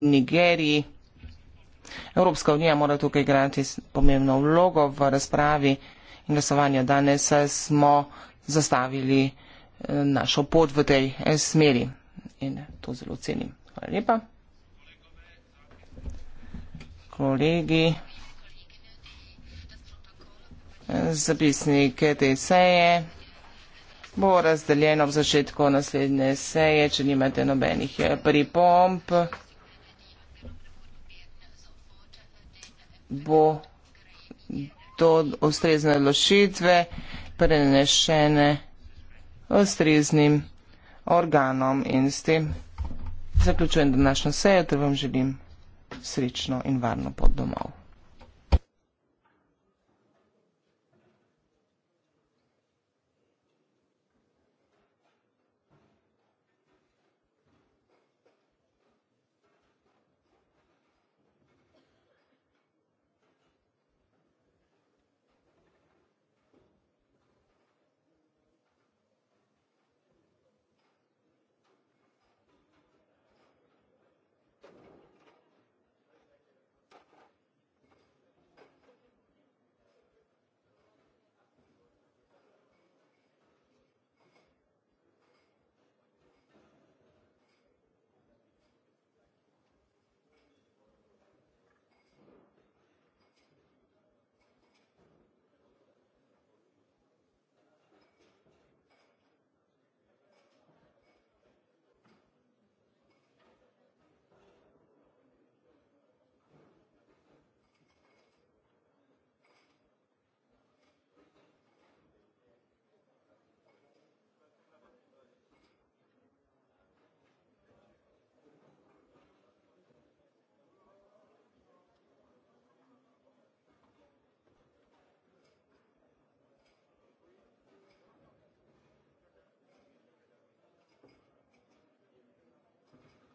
Nigeriji. Evropska unija mora tukaj igrati pomembno vlogo v razpravi in glasovanju. Danes eh, smo zastavili eh, našo pot v tej eh, smeri in to zelo cenim. Hvala lepa. Kolegi, zapisnik te seje bo razdeljeno v začetku naslednje seje, če nimate nobenih pripomp. bo do ustrezne lošitve prenešene ustreznim organom in s tem zaključujem današnjo sejo, ter vam želim srečno in varno pot domov.